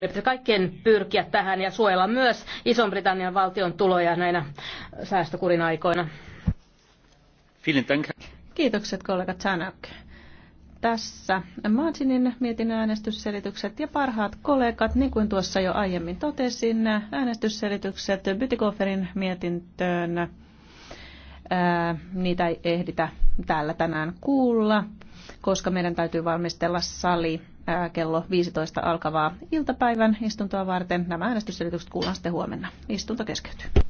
pitäisi kaikkien pyrkiä tähän ja suojella myös Ison-Britannian valtion tuloja näinä säästökurin aikoina. Kiitokset kollega Chanak. Tässä Martinin mietin äänestysselitykset ja parhaat kollegat, niin kuin tuossa jo aiemmin totesin, äänestysselitykset Bytikoferin mietintöön. Ää, niitä ei ehditä täällä tänään kuulla koska meidän täytyy valmistella sali kello 15 alkavaa iltapäivän istuntoa varten. Nämä äänestysselitykset kuullaan sitten huomenna. Istunto keskeytyy.